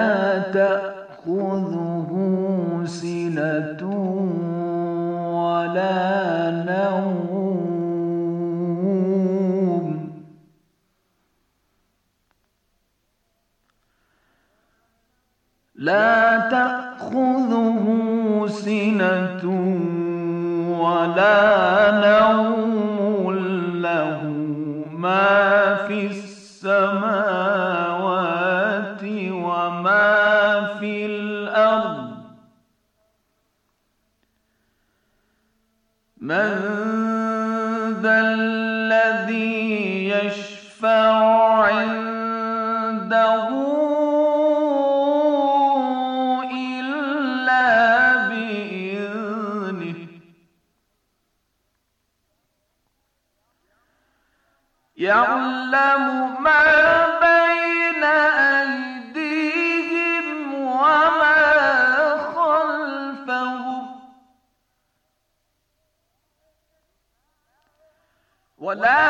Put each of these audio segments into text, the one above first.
لا تأخذه سنة ولا نوم لا تأخذه سنة ولا وما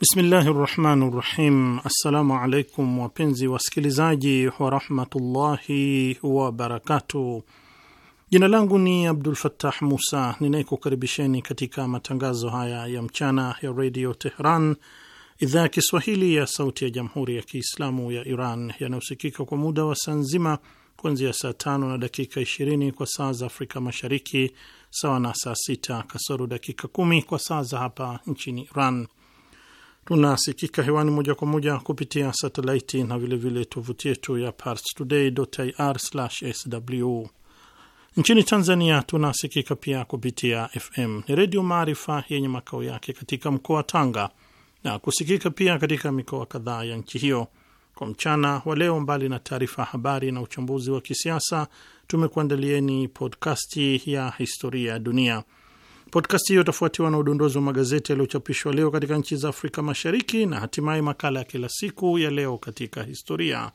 Bismillahi rahmani rahim. Assalamu alaikum wapenzi wasikilizaji warahmatullahi wabarakatuh. Jina langu ni Abdul Fattah Musa ninayekukaribisheni katika matangazo haya ya mchana ya redio Tehran, idhaa ya Kiswahili ya sauti ya jamhuri ya Kiislamu ya Iran yanayosikika kwa muda wa saa nzima kuanzia saa tano na dakika 20 kwa saa za Afrika Mashariki, sawa na saa sita kasoro dakika kumi kwa saa za hapa nchini Iran Tunasikika hewani moja kwa moja kupitia satelaiti na vilevile tovuti yetu ya parstoday.ir/sw. Nchini Tanzania tunasikika pia kupitia FM ni Redio Maarifa yenye makao yake katika mkoa wa Tanga na kusikika pia katika mikoa kadhaa ya nchi hiyo. Kwa mchana wa leo, mbali na taarifa ya habari na uchambuzi wa kisiasa, tumekuandalieni podkasti ya historia ya dunia Podkasti hiyo itafuatiwa na udondozi wa magazeti yaliyochapishwa leo katika nchi za Afrika Mashariki na hatimaye makala ya kila siku ya leo katika historia.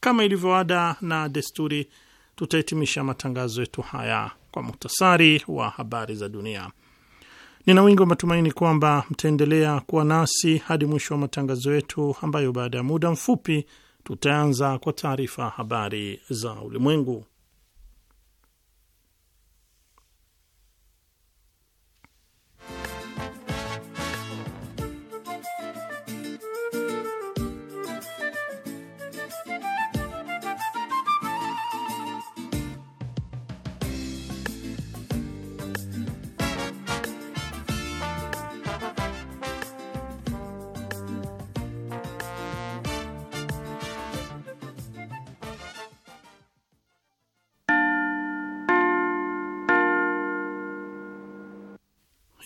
Kama ilivyoada na desturi, tutahitimisha matangazo yetu haya kwa muhtasari wa habari za dunia. Nina wingi wa matumaini kwamba mtaendelea kuwa nasi hadi mwisho wa matangazo yetu, ambayo baada ya muda mfupi tutaanza kwa taarifa habari za ulimwengu.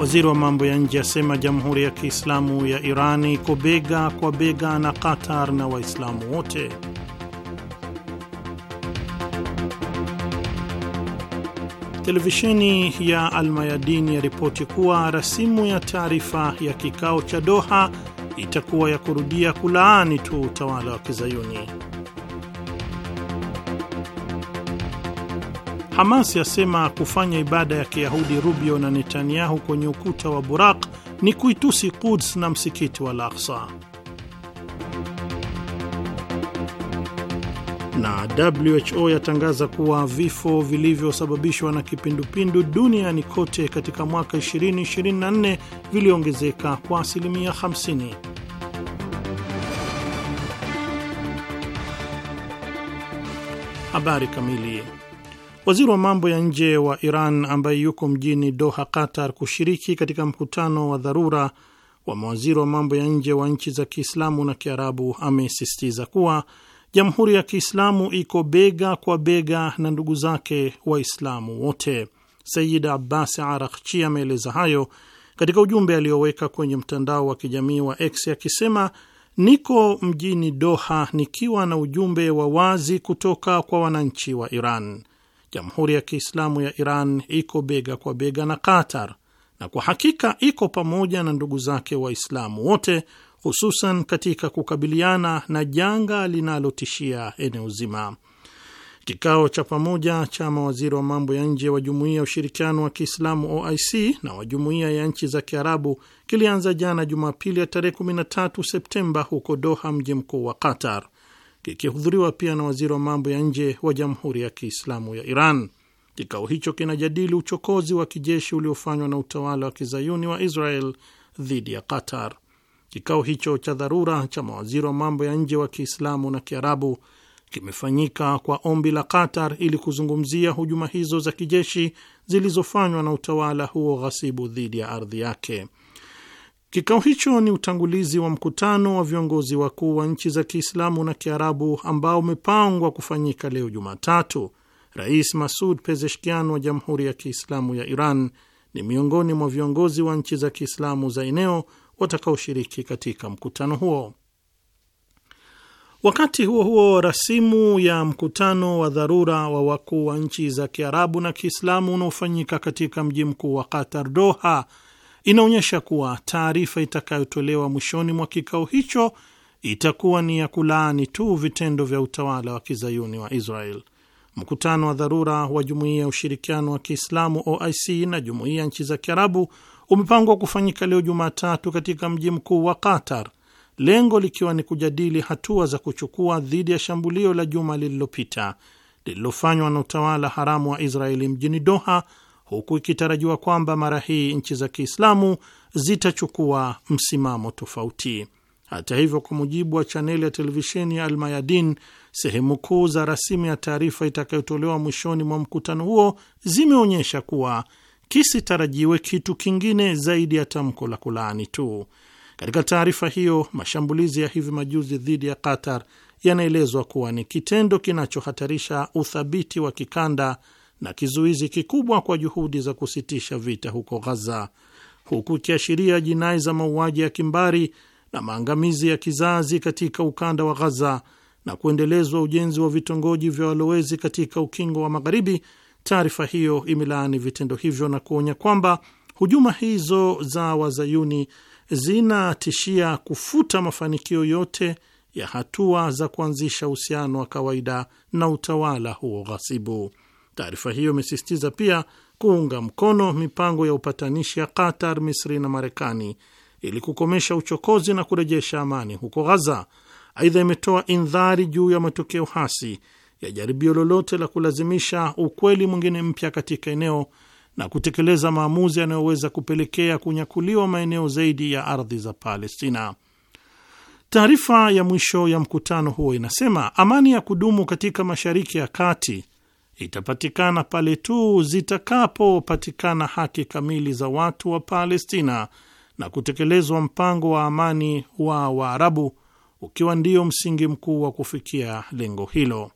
Waziri wa mambo ya nje asema Jamhuri ya Kiislamu ya Iran iko bega kwa bega na Qatar na Waislamu wote. Televisheni ya Almayadin ya ripoti kuwa rasimu ya taarifa ya kikao cha Doha itakuwa ya kurudia kulaani tu utawala wa Kizayuni. Hamas yasema kufanya ibada ya Kiyahudi Rubio na Netanyahu kwenye ukuta wa Buraq ni kuitusi Quds na msikiti wa Al-Aqsa. Na WHO yatangaza kuwa vifo vilivyosababishwa na kipindupindu duniani kote katika mwaka 2024 viliongezeka kwa asilimia 50. Habari kamili Waziri wa mambo ya nje wa Iran ambaye yuko mjini Doha, Qatar, kushiriki katika mkutano wa dharura wa mawaziri wa mambo ya nje wa nchi za Kiislamu na Kiarabu amesisitiza kuwa Jamhuri ya Kiislamu iko bega kwa bega na ndugu zake Waislamu wote. Sayid Abbas Arakchi ameeleza hayo katika ujumbe aliyoweka kwenye mtandao wa kijamii wa X akisema, niko mjini Doha nikiwa na ujumbe wa wazi kutoka kwa wananchi wa Iran. Jamhuri ya Kiislamu ya Iran iko bega kwa bega na Qatar na kwa hakika iko pamoja na ndugu zake Waislamu wote, hususan katika kukabiliana na janga linalotishia eneo zima. Kikao cha pamoja cha mawaziri wa mambo ya nje wa Jumuiya ya Ushirikiano wa Kiislamu OIC na wa Jumuiya ya Nchi za Kiarabu kilianza jana Jumapili ya tarehe 13 Septemba huko Doha, mji mkuu wa Qatar kikihudhuriwa pia na waziri wa mambo ya nje wa Jamhuri ya Kiislamu ya Iran. Kikao hicho kinajadili uchokozi wa kijeshi uliofanywa na utawala wa kizayuni wa Israel dhidi ya Qatar. Kikao hicho cha dharura cha mawaziri wa mambo ya nje wa Kiislamu na Kiarabu kimefanyika kwa ombi la Qatar ili kuzungumzia hujuma hizo za kijeshi zilizofanywa na utawala huo ghasibu dhidi ya ardhi yake. Kikao hicho ni utangulizi wa mkutano wa viongozi wakuu wa nchi za Kiislamu na Kiarabu ambao umepangwa kufanyika leo Jumatatu. Rais Masud Pezeshkian wa Jamhuri ya Kiislamu ya Iran ni miongoni mwa viongozi wa nchi za Kiislamu za eneo watakaoshiriki katika mkutano huo. Wakati huo huo, rasimu ya mkutano wa dharura wa wakuu wa nchi za Kiarabu na Kiislamu unaofanyika katika mji mkuu wa Qatar, Doha, inaonyesha kuwa taarifa itakayotolewa mwishoni mwa kikao hicho itakuwa ni ya kulaani tu vitendo vya utawala wa kizayuni wa Israel. Mkutano wa dharura wa Jumuiya ya Ushirikiano wa Kiislamu OIC na Jumuiya ya Nchi za Kiarabu umepangwa kufanyika leo Jumatatu katika mji mkuu wa Qatar, lengo likiwa ni kujadili hatua za kuchukua dhidi ya shambulio la juma lililopita lililofanywa na utawala haramu wa Israeli mjini Doha huku ikitarajiwa kwamba mara hii nchi za Kiislamu zitachukua msimamo tofauti. Hata hivyo, kwa mujibu wa chaneli ya televisheni ya Almayadin, sehemu kuu za rasimu ya taarifa itakayotolewa mwishoni mwa mkutano huo zimeonyesha kuwa kisitarajiwe kitu kingine zaidi ya tamko la kulaani tu. Katika taarifa hiyo, mashambulizi ya hivi majuzi dhidi ya Qatar yanaelezwa kuwa ni kitendo kinachohatarisha uthabiti wa kikanda na kizuizi kikubwa kwa juhudi za kusitisha vita huko Ghaza, huku ikiashiria jinai za mauaji ya kimbari na maangamizi ya kizazi katika ukanda wa Ghaza na kuendelezwa ujenzi wa vitongoji vya walowezi katika ukingo wa Magharibi. Taarifa hiyo imelaani vitendo hivyo na kuonya kwamba hujuma hizo za wazayuni zinatishia kufuta mafanikio yote ya hatua za kuanzisha uhusiano wa kawaida na utawala huo ghasibu. Taarifa hiyo imesisitiza pia kuunga mkono mipango ya upatanishi ya Qatar, Misri na Marekani ili kukomesha uchokozi na kurejesha amani huko Ghaza. Aidha, imetoa indhari juu ya matokeo hasi ya jaribio lolote la kulazimisha ukweli mwingine mpya katika eneo na kutekeleza maamuzi yanayoweza kupelekea kunyakuliwa maeneo zaidi ya ardhi za Palestina. Taarifa ya mwisho ya mkutano huo inasema amani ya kudumu katika Mashariki ya Kati itapatikana pale tu zitakapopatikana haki kamili za watu wa Palestina na kutekelezwa mpango wa amani wa Waarabu ukiwa ndio msingi mkuu wa kufikia lengo hilo.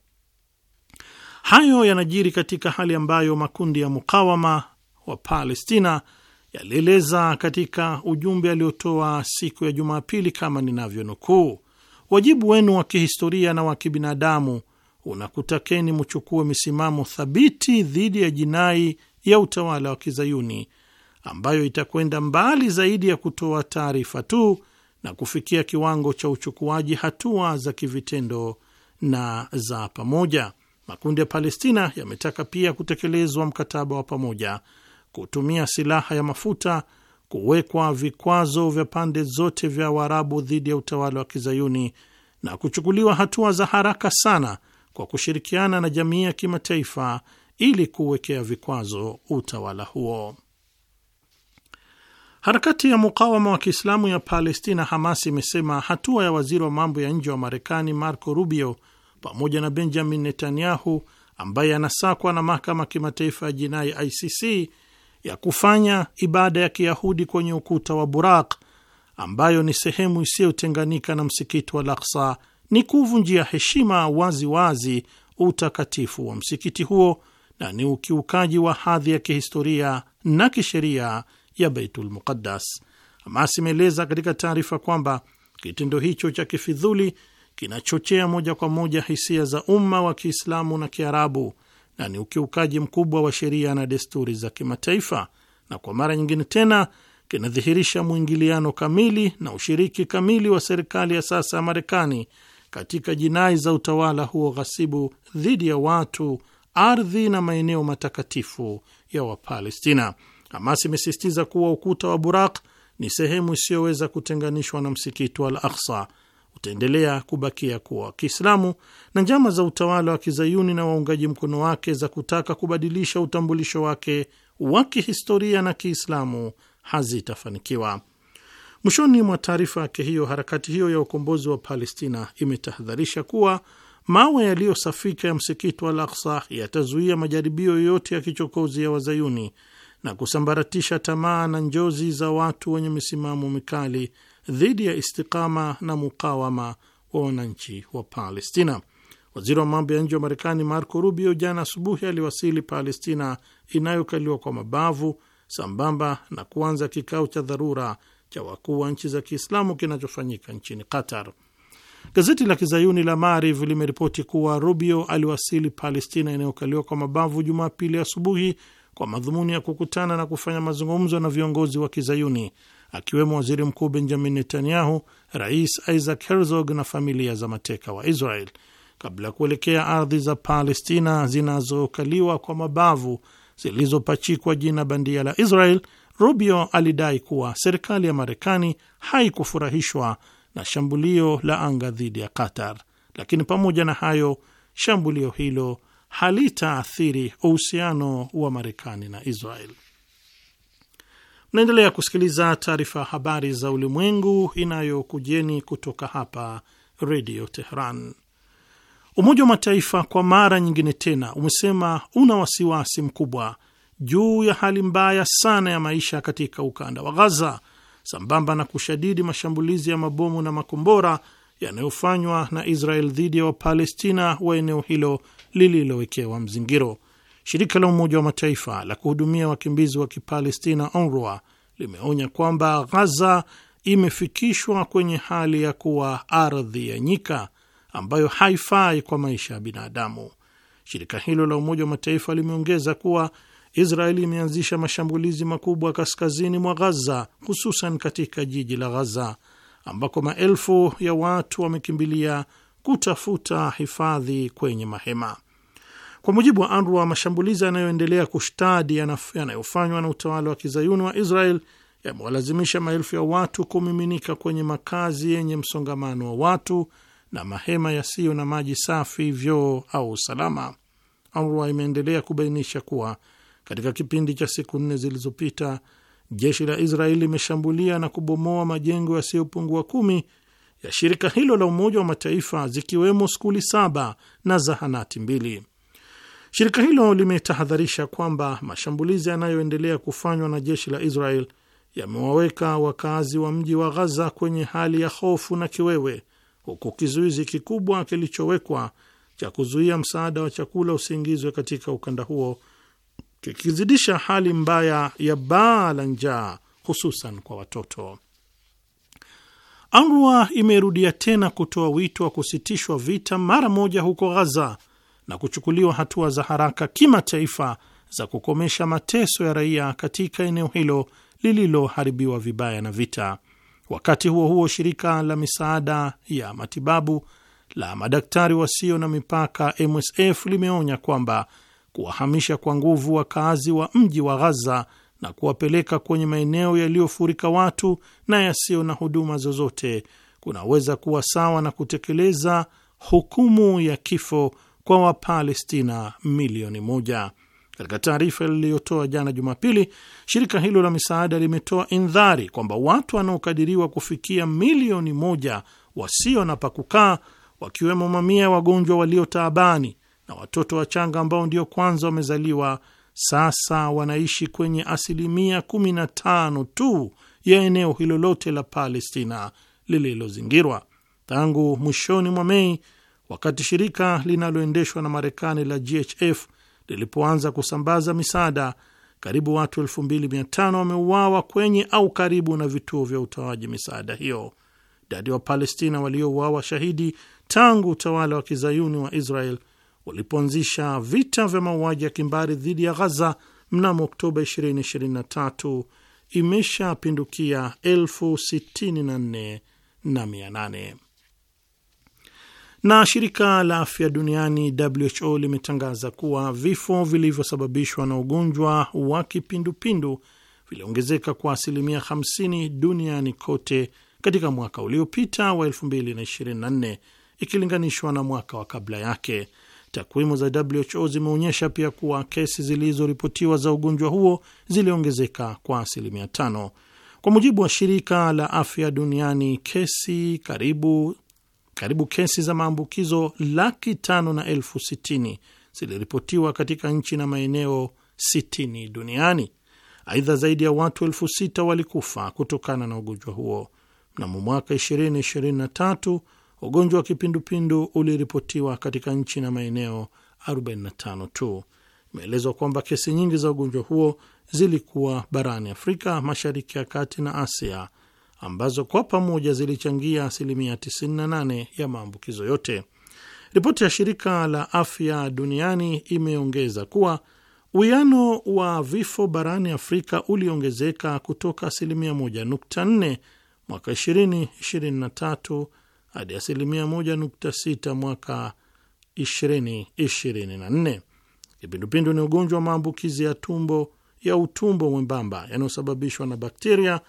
Hayo yanajiri katika hali ambayo makundi ya mukawama wa Palestina yalieleza katika ujumbe aliotoa siku ya Jumapili kama ninavyonukuu: wajibu wenu wa kihistoria na wa kibinadamu unakutakeni mchukue misimamo thabiti dhidi ya jinai ya utawala wa kizayuni ambayo itakwenda mbali zaidi ya kutoa taarifa tu na kufikia kiwango cha uchukuaji hatua za kivitendo na za pamoja. Makundi ya Palestina yametaka pia kutekelezwa mkataba wa pamoja, kutumia silaha ya mafuta, kuwekwa vikwazo vya pande zote vya Waarabu dhidi ya utawala wa kizayuni na kuchukuliwa hatua za haraka sana kwa kushirikiana na jamii ya kimataifa ili kuwekea vikwazo utawala huo. Harakati ya mukawama wa Kiislamu ya Palestina, Hamas, imesema hatua ya waziri wa mambo ya nje wa Marekani Marco Rubio pamoja na Benjamin Netanyahu ambaye anasakwa na mahakama kimataifa ya jinai ICC ya kufanya ibada ya Kiyahudi kwenye ukuta wa Buraq ambayo ni sehemu isiyotenganika na msikiti wa Al-Aqsa ni kuvunjia heshima waziwazi wazi utakatifu wa msikiti huo na ni ukiukaji wa hadhi ya kihistoria na kisheria ya Baitul Muqaddas. Hamas imeeleza katika taarifa kwamba kitendo hicho cha kifidhuli kinachochea moja kwa moja hisia za umma wa Kiislamu na Kiarabu na ni ukiukaji mkubwa wa sheria na desturi za kimataifa, na kwa mara nyingine tena kinadhihirisha mwingiliano kamili na ushiriki kamili wa serikali ya sasa ya Marekani katika jinai za utawala huo ghasibu dhidi ya watu, ardhi na maeneo matakatifu ya Wapalestina. Hamas imesisitiza kuwa ukuta wa Buraq ni sehemu isiyoweza kutenganishwa na msikiti wa Al Aksa utaendelea kubakia kuwa Kiislamu, na njama za utawala wa kizayuni na waungaji mkono wake za kutaka kubadilisha utambulisho wake wa kihistoria na Kiislamu hazitafanikiwa. Mwishoni mwa taarifa yake hiyo, harakati hiyo ya ukombozi wa Palestina imetahadharisha kuwa mawe yaliyosafika ya msikiti wa Al-Aqsa yatazuia majaribio yoyote ya kichokozi ya wazayuni na kusambaratisha tamaa na njozi za watu wenye misimamo mikali dhidi ya istikama na mukawama wa wananchi wa Palestina. Waziri wa mambo ya nje wa Marekani Marco Rubio jana asubuhi aliwasili Palestina inayokaliwa kwa mabavu sambamba na kuanza kikao cha dharura cha wakuu wa nchi za Kiislamu kinachofanyika nchini Qatar. Gazeti la kizayuni la Maariv limeripoti kuwa Rubio aliwasili Palestina inayokaliwa kwa mabavu Jumapili asubuhi kwa madhumuni ya kukutana na kufanya mazungumzo na viongozi wa kizayuni akiwemo waziri mkuu Benjamin Netanyahu, rais Isaac Herzog na familia za mateka wa Israel kabla ya kuelekea ardhi za Palestina zinazokaliwa kwa mabavu zilizopachikwa jina bandia la Israel. Rubio alidai kuwa serikali ya Marekani haikufurahishwa na shambulio la anga dhidi ya Qatar, lakini pamoja na hayo shambulio hilo halitaathiri uhusiano wa Marekani na Israel. Mnaendelea kusikiliza taarifa ya habari za ulimwengu inayokujeni kutoka hapa Redio Tehran. Umoja wa Mataifa kwa mara nyingine tena umesema una wasiwasi mkubwa juu ya hali mbaya sana ya maisha katika ukanda wa Ghaza, sambamba na kushadidi mashambulizi ya mabomu na makombora yanayofanywa na Israel dhidi ya Wapalestina wa eneo hilo lililowekewa mzingiro. Shirika la Umoja wa Mataifa la kuhudumia wakimbizi wa Kipalestina, UNRWA, limeonya kwamba Ghaza imefikishwa kwenye hali ya kuwa ardhi ya nyika ambayo haifai kwa maisha ya binadamu. Shirika hilo la Umoja wa Mataifa limeongeza kuwa Israeli imeanzisha mashambulizi makubwa kaskazini mwa Ghaza, hususan katika jiji la Ghaza ambako maelfu ya watu wamekimbilia kutafuta hifadhi kwenye mahema. Kwa mujibu wa Anrua, mashambulizi yanayoendelea kushtadi yanayofanywa na utawala wa kizayuni wa Israel yamewalazimisha maelfu ya watu kumiminika kwenye makazi yenye msongamano wa watu na mahema yasiyo na maji safi, vyoo au usalama. Anrua imeendelea kubainisha kuwa katika kipindi cha siku nne zilizopita, jeshi la Israeli limeshambulia na kubomoa majengo yasiyopungua kumi ya shirika hilo la Umoja wa Mataifa, zikiwemo skuli saba na zahanati mbili. Shirika hilo limetahadharisha kwamba mashambulizi yanayoendelea kufanywa na jeshi la Israel yamewaweka wakazi wa mji wa Ghaza kwenye hali ya hofu na kiwewe, huku kizuizi kikubwa kilichowekwa cha kuzuia msaada wa chakula usiingizwe katika ukanda huo kikizidisha hali mbaya ya baa la njaa hususan kwa watoto. Anrua imerudia tena kutoa wito wa kusitishwa vita mara moja huko Ghaza na kuchukuliwa hatua za haraka kimataifa za kukomesha mateso ya raia katika eneo hilo lililoharibiwa vibaya na vita. Wakati huo huo, shirika la misaada ya matibabu la madaktari wasio na mipaka MSF limeonya kwamba kuwahamisha kwa nguvu wakazi wa mji wa Ghaza na kuwapeleka kwenye maeneo yaliyofurika watu na yasiyo na huduma zozote kunaweza kuwa sawa na kutekeleza hukumu ya kifo kwa Wapalestina milioni moja. Katika taarifa liliyotoa jana Jumapili, shirika hilo la misaada limetoa indhari kwamba watu wanaokadiriwa kufikia milioni moja wasio na pakukaa, wakiwemo mamia ya wagonjwa waliotaabani na watoto wachanga ambao ndio kwanza wamezaliwa sasa wanaishi kwenye asilimia 15 tu ya eneo hilo lote la Palestina lililozingirwa tangu mwishoni mwa Mei, wakati shirika linaloendeshwa na Marekani la GHF lilipoanza kusambaza misaada. Karibu watu 2500 wameuawa kwenye au karibu na vituo vya utoaji misaada hiyo. Idadi wa Palestina waliouawa shahidi tangu utawala wa kizayuni wa Israel walipoanzisha vita vya mauaji ya kimbari dhidi ya Ghaza mnamo Oktoba 2023 imeshapindukia elfu sitini na nne na mia nane na shirika la afya duniani WHO limetangaza kuwa vifo vilivyosababishwa na ugonjwa wa kipindupindu viliongezeka kwa asilimia 50 duniani kote katika mwaka uliopita wa 2024 ikilinganishwa na mwaka wa kabla yake. Takwimu za WHO zimeonyesha pia kuwa kesi zilizoripotiwa za ugonjwa huo ziliongezeka kwa asilimia tano. Kwa mujibu wa shirika la afya duniani, kesi karibu karibu kesi za maambukizo laki tano na elfu sitini ziliripotiwa katika nchi na maeneo sitini duniani. Aidha, zaidi ya watu elfu sita walikufa kutokana na ugonjwa huo. Mnamo mwaka tatu Ugonjwa wa kipindupindu uliripotiwa katika nchi na maeneo 45 tu. Imeelezwa kwamba kesi nyingi za ugonjwa huo zilikuwa barani Afrika, Mashariki ya Kati na Asia, ambazo kwa pamoja zilichangia asilimia 98 ya maambukizo yote. Ripoti ya shirika la afya duniani imeongeza kuwa uwiano wa vifo barani Afrika uliongezeka kutoka asilimia 1.4 mwaka 2023 hadi asilimia 1.6 mwaka 2024. Kipindupindu ni ugonjwa wa maambukizi ya tumbo ya utumbo mwembamba yanayosababishwa na bakteria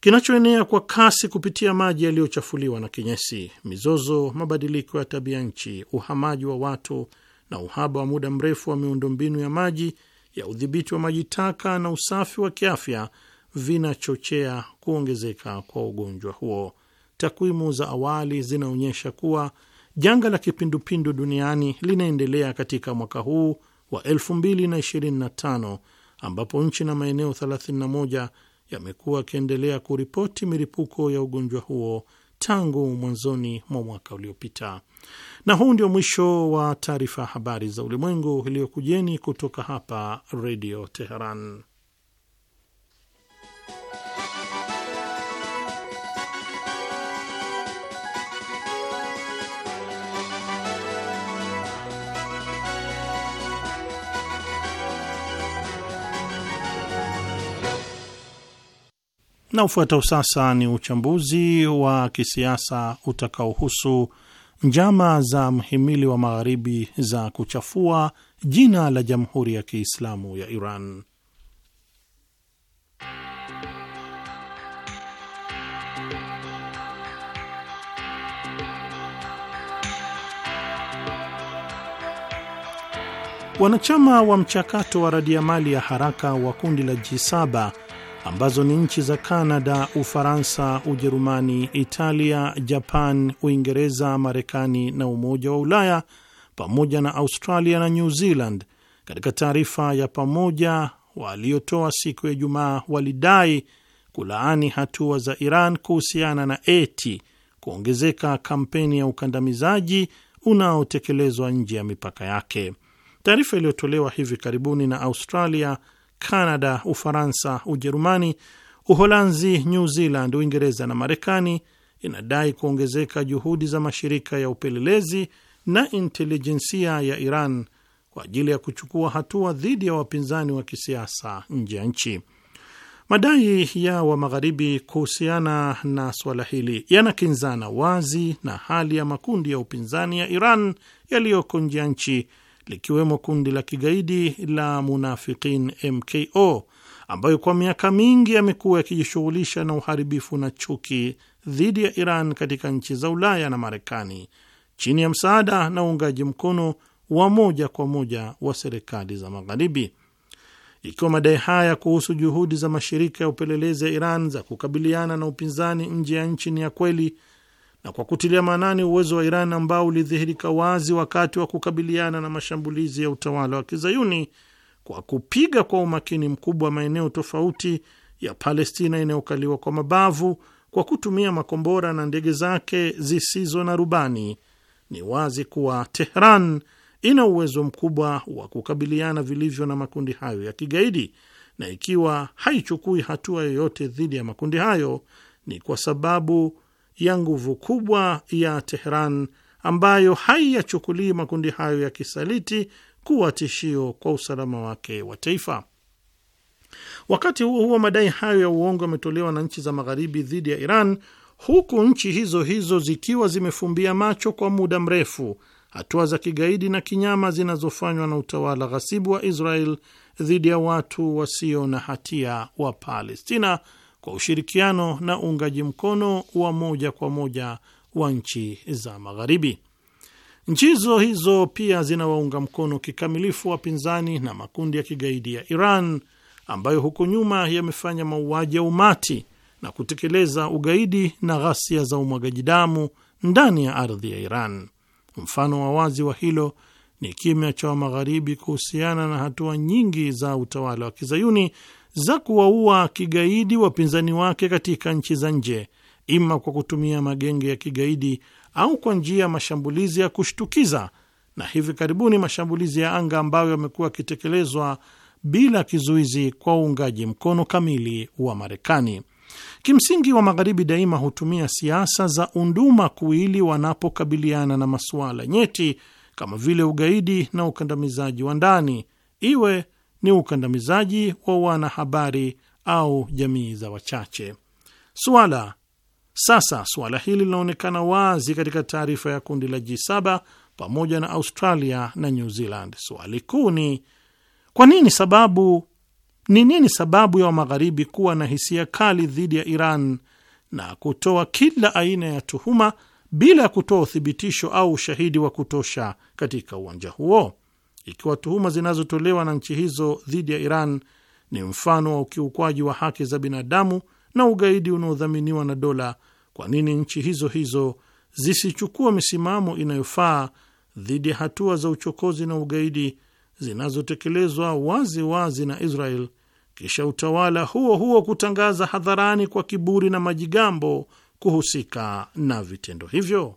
kinachoenea kwa kasi kupitia maji yaliyochafuliwa na kinyesi. Mizozo, mabadiliko ya tabia nchi, uhamaji wa watu na uhaba wa muda mrefu wa miundombinu ya maji ya udhibiti wa maji taka na usafi wa kiafya vinachochea kuongezeka kwa ugonjwa huo takwimu za awali zinaonyesha kuwa janga la kipindupindu duniani linaendelea katika mwaka huu wa 2025 ambapo nchi na maeneo 31 yamekuwa yakiendelea kuripoti milipuko ya ugonjwa huo tangu mwanzoni mwa mwaka uliopita. Na huu ndio mwisho wa taarifa ya habari za ulimwengu iliyokujeni kutoka hapa Redio Teheran. Na ufuatao sasa ni uchambuzi wa kisiasa utakaohusu njama za mhimili wa magharibi za kuchafua jina la Jamhuri ya Kiislamu ya Iran. Wanachama wa mchakato wa radiamali ya haraka wa kundi la G7 ambazo ni nchi za Kanada, Ufaransa, Ujerumani, Italia, Japan, Uingereza, Marekani na Umoja wa Ulaya pamoja na Australia na New Zealand. Katika taarifa ya pamoja waliotoa siku ya Ijumaa, walidai kulaani hatua za Iran kuhusiana na eti kuongezeka kampeni ya ukandamizaji unaotekelezwa nje ya mipaka yake. Taarifa iliyotolewa hivi karibuni na Australia Kanada, Ufaransa, Ujerumani, Uholanzi, New Zealand, Uingereza na Marekani inadai kuongezeka juhudi za mashirika ya upelelezi na intelijensia ya Iran kwa ajili ya kuchukua hatua dhidi ya wapinzani wa kisiasa nje ya nchi. Madai ya wa magharibi kuhusiana na suala hili yanakinzana wazi na hali ya makundi ya upinzani ya Iran yaliyoko nje ya nchi likiwemo kundi la kigaidi la Munafiqin mko ambayo kwa miaka mingi yamekuwa yakijishughulisha na uharibifu na chuki dhidi ya Iran katika nchi za Ulaya na Marekani chini ya msaada na uungaji mkono wa moja kwa moja wa serikali za Magharibi. Ikiwa madai haya kuhusu juhudi za mashirika ya upelelezi ya Iran za kukabiliana na upinzani nje ya nchi ni ya kweli, na kwa kutilia maanani uwezo wa Iran ambao ulidhihirika wazi wakati wa kukabiliana na mashambulizi ya utawala wa Kizayuni kwa kupiga kwa umakini mkubwa maeneo tofauti ya Palestina inayokaliwa kwa mabavu kwa kutumia makombora na ndege zake zisizo na rubani, ni wazi kuwa Tehran ina uwezo mkubwa wa kukabiliana vilivyo na makundi hayo ya kigaidi, na ikiwa haichukui hatua yoyote dhidi ya makundi hayo ni kwa sababu ya nguvu kubwa ya Tehran ambayo haiyachukulii makundi hayo ya kisaliti kuwa tishio kwa usalama wake wa taifa. Wakati huo huo, madai hayo ya uongo yametolewa na nchi za Magharibi dhidi ya Iran, huku nchi hizo hizo zikiwa zimefumbia macho kwa muda mrefu hatua za kigaidi na kinyama zinazofanywa na utawala ghasibu wa Israel dhidi ya watu wasio na hatia wa Palestina kwa ushirikiano na uungaji mkono wa moja kwa moja wa nchi za Magharibi. Nchi hizo hizo pia zinawaunga mkono kikamilifu wapinzani na makundi ya kigaidi ya Iran ambayo huko nyuma yamefanya mauaji ya umati na kutekeleza ugaidi na ghasia za umwagaji damu ndani ya ardhi ya Iran. Mfano wa wazi wa hilo ni kimya cha Magharibi kuhusiana na hatua nyingi za utawala wa kizayuni za kuwaua kigaidi wapinzani wake katika nchi za nje, ima kwa kutumia magenge ya kigaidi au kwa njia ya mashambulizi ya kushtukiza, na hivi karibuni mashambulizi ya anga ambayo yamekuwa yakitekelezwa bila kizuizi kwa uungaji mkono kamili wa Marekani. Kimsingi, wa Magharibi daima hutumia siasa za unduma kuili wanapokabiliana na masuala nyeti kama vile ugaidi na ukandamizaji wa ndani, iwe ni ukandamizaji wa wanahabari au jamii za wachache. Suala sasa, suala hili linaonekana wazi katika taarifa ya kundi la G7 pamoja na Australia na New Zealand. Swali kuu ni kwa nini sababu ni nini sababu ya Wamagharibi kuwa na hisia kali dhidi ya Iran na kutoa kila aina ya tuhuma bila ya kutoa uthibitisho au ushahidi wa kutosha katika uwanja huo? ikiwa tuhuma zinazotolewa na nchi hizo dhidi ya Iran ni mfano wa ukiukwaji wa haki za binadamu na ugaidi unaodhaminiwa na dola, kwa nini nchi hizo hizo zisichukua misimamo inayofaa dhidi ya hatua za uchokozi na ugaidi zinazotekelezwa wazi wazi na Israel, kisha utawala huo huo kutangaza hadharani kwa kiburi na majigambo kuhusika na vitendo hivyo?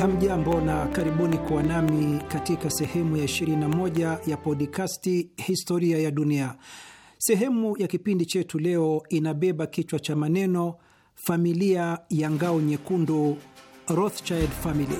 Hamjambo na karibuni kuwa nami katika sehemu ya 21 ya podikasti Historia ya Dunia. Sehemu ya kipindi chetu leo inabeba kichwa cha maneno familia ya ngao nyekundu, Rothschild Family.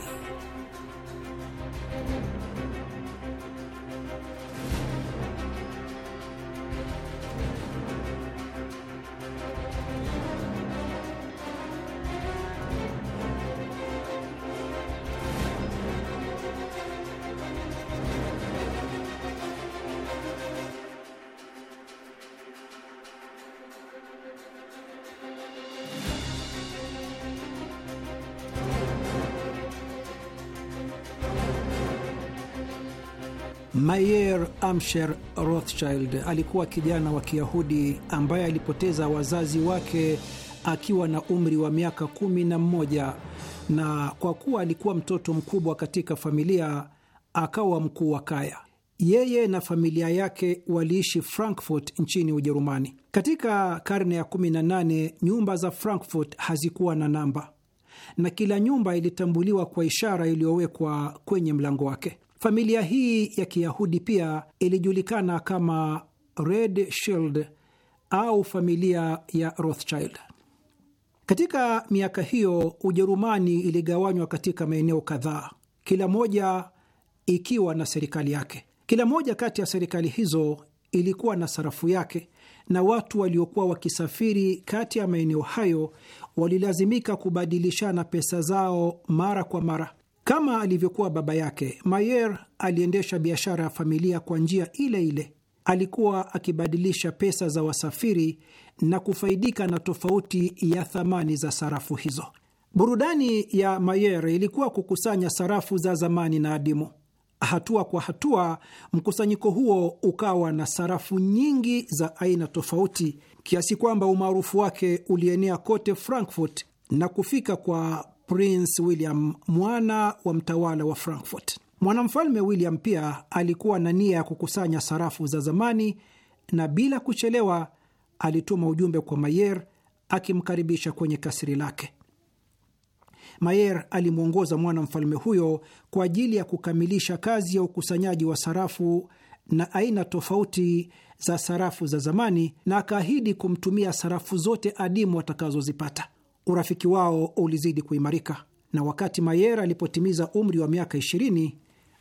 Amsher Rothschild alikuwa kijana wa Kiyahudi ambaye alipoteza wazazi wake akiwa na umri wa miaka kumi na mmoja, na kwa kuwa alikuwa mtoto mkubwa katika familia akawa mkuu wa kaya. Yeye na familia yake waliishi Frankfurt nchini Ujerumani. Katika karne ya 18 nyumba za Frankfurt hazikuwa na namba na kila nyumba ilitambuliwa kwa ishara iliyowekwa kwenye mlango wake. Familia hii ya Kiyahudi pia ilijulikana kama Red Shield au familia ya Rothschild. Katika miaka hiyo Ujerumani iligawanywa katika maeneo kadhaa, kila moja ikiwa na serikali yake. Kila moja kati ya serikali hizo ilikuwa na sarafu yake, na watu waliokuwa wakisafiri kati ya maeneo hayo walilazimika kubadilishana pesa zao mara kwa mara. Kama alivyokuwa baba yake, Mayer aliendesha biashara ya familia kwa njia ile ile. Alikuwa akibadilisha pesa za wasafiri na kufaidika na tofauti ya thamani za sarafu hizo. Burudani ya Mayer ilikuwa kukusanya sarafu za zamani na adimu. Hatua kwa hatua, mkusanyiko huo ukawa na sarafu nyingi za aina tofauti, kiasi kwamba umaarufu wake ulienea kote Frankfurt na kufika kwa Prince William, mwana wa mtawala wa Frankfurt. Mwanamfalme William pia alikuwa na nia ya kukusanya sarafu za zamani na bila kuchelewa alituma ujumbe kwa Mayer akimkaribisha kwenye kasiri lake. Mayer alimwongoza mwanamfalme huyo kwa ajili ya kukamilisha kazi ya ukusanyaji wa sarafu na aina tofauti za sarafu za zamani na akaahidi kumtumia sarafu zote adimu atakazozipata urafiki wao ulizidi kuimarika, na wakati Mayer alipotimiza umri wa miaka 20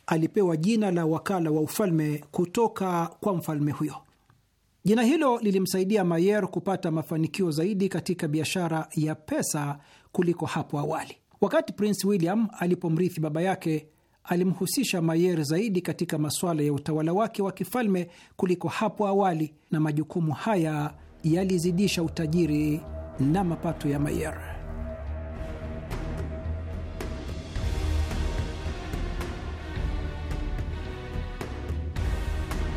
alipewa jina la wakala wa ufalme kutoka kwa mfalme huyo. Jina hilo lilimsaidia Mayer kupata mafanikio zaidi katika biashara ya pesa kuliko hapo awali. Wakati Prince William alipomrithi baba yake, alimhusisha Mayer zaidi katika masuala ya utawala wake wa kifalme kuliko hapo awali, na majukumu haya yalizidisha utajiri na mapato ya Mayer.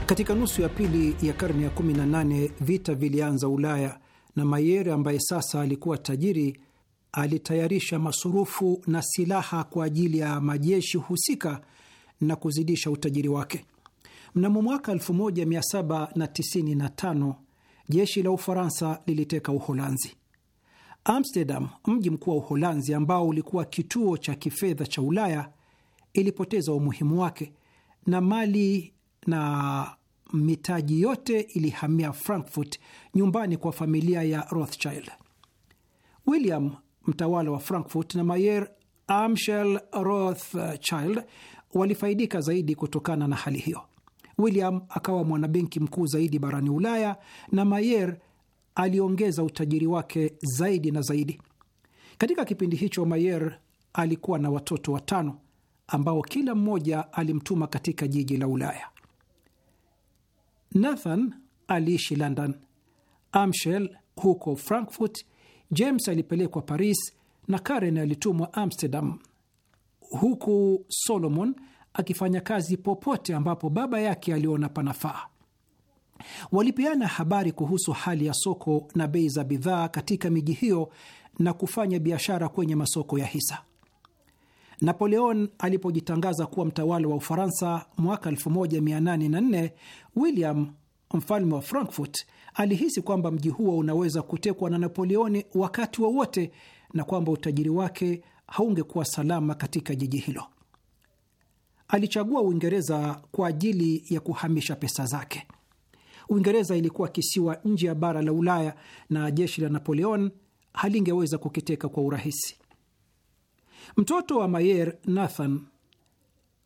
Katika nusu ya pili ya karne ya 18 vita vilianza Ulaya na Mayer ambaye sasa alikuwa tajiri alitayarisha masurufu na silaha kwa ajili ya majeshi husika na kuzidisha utajiri wake. Mnamo mwaka 1795 jeshi la Ufaransa liliteka Uholanzi. Amsterdam, mji mkuu wa Uholanzi ambao ulikuwa kituo cha kifedha cha Ulaya, ilipoteza umuhimu wake na mali na mitaji yote ilihamia Frankfurt, nyumbani kwa familia ya Rothschild. William mtawala wa Frankfurt na Mayer Amshel Rothschild walifaidika zaidi kutokana na hali hiyo. William akawa mwanabenki mkuu zaidi barani Ulaya na Mayer aliongeza utajiri wake zaidi na zaidi. Katika kipindi hicho, Mayer alikuwa na watoto watano ambao kila mmoja alimtuma katika jiji la Ulaya. Nathan aliishi London, Amshel huko Frankfurt, James alipelekwa Paris na Karen alitumwa Amsterdam, huku Solomon akifanya kazi popote ambapo baba yake aliona panafaa. Walipeana habari kuhusu hali ya soko na bei za bidhaa katika miji hiyo na kufanya biashara kwenye masoko ya hisa. Napoleon alipojitangaza kuwa mtawala wa Ufaransa mwaka 1804, William mfalme wa Frankfurt alihisi kwamba mji huo unaweza kutekwa na Napoleoni wakati wowote wa na kwamba utajiri wake haungekuwa salama katika jiji hilo. Alichagua Uingereza kwa ajili ya kuhamisha pesa zake. Uingereza ilikuwa kisiwa nje ya bara la Ulaya na jeshi la Napoleon halingeweza kukiteka kwa urahisi. Mtoto wa Mayer, Nathan,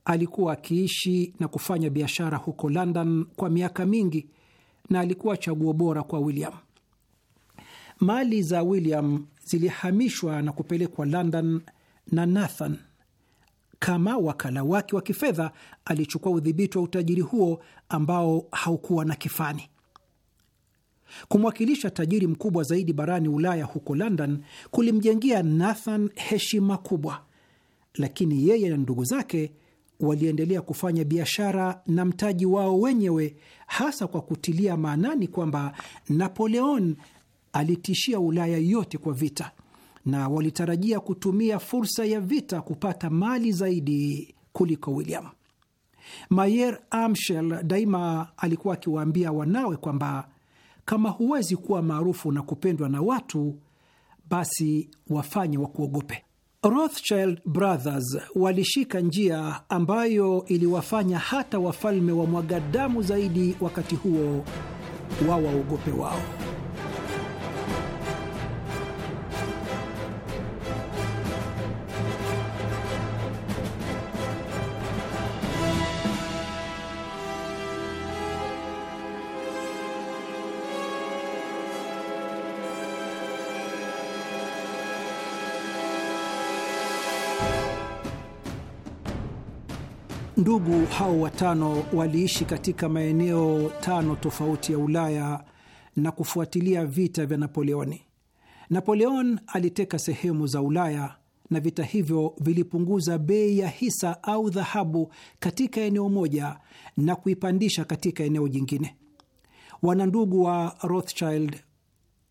alikuwa akiishi na kufanya biashara huko London kwa miaka mingi na alikuwa chaguo bora kwa William. Mali za William zilihamishwa na kupelekwa London na Nathan kama wakala wake wa kifedha alichukua udhibiti wa utajiri huo ambao haukuwa na kifani. Kumwakilisha tajiri mkubwa zaidi barani Ulaya huko London kulimjengea Nathan heshima kubwa, lakini yeye na ndugu zake waliendelea kufanya biashara na mtaji wao wenyewe, hasa kwa kutilia maanani kwamba Napoleon alitishia Ulaya yote kwa vita na walitarajia kutumia fursa ya vita kupata mali zaidi kuliko William. Mayer Amshel daima alikuwa akiwaambia wanawe kwamba kama huwezi kuwa maarufu na kupendwa na watu, basi wafanye wa kuogope Rothschild Brothers walishika njia ambayo iliwafanya hata wafalme wa mwagadamu zaidi wakati huo wawaogope wao. Ndugu hao watano waliishi katika maeneo tano tofauti ya Ulaya na kufuatilia vita vya Napoleoni. Napoleon aliteka sehemu za Ulaya na vita hivyo vilipunguza bei ya hisa au dhahabu katika eneo moja na kuipandisha katika eneo jingine. Wanandugu wa Rothschild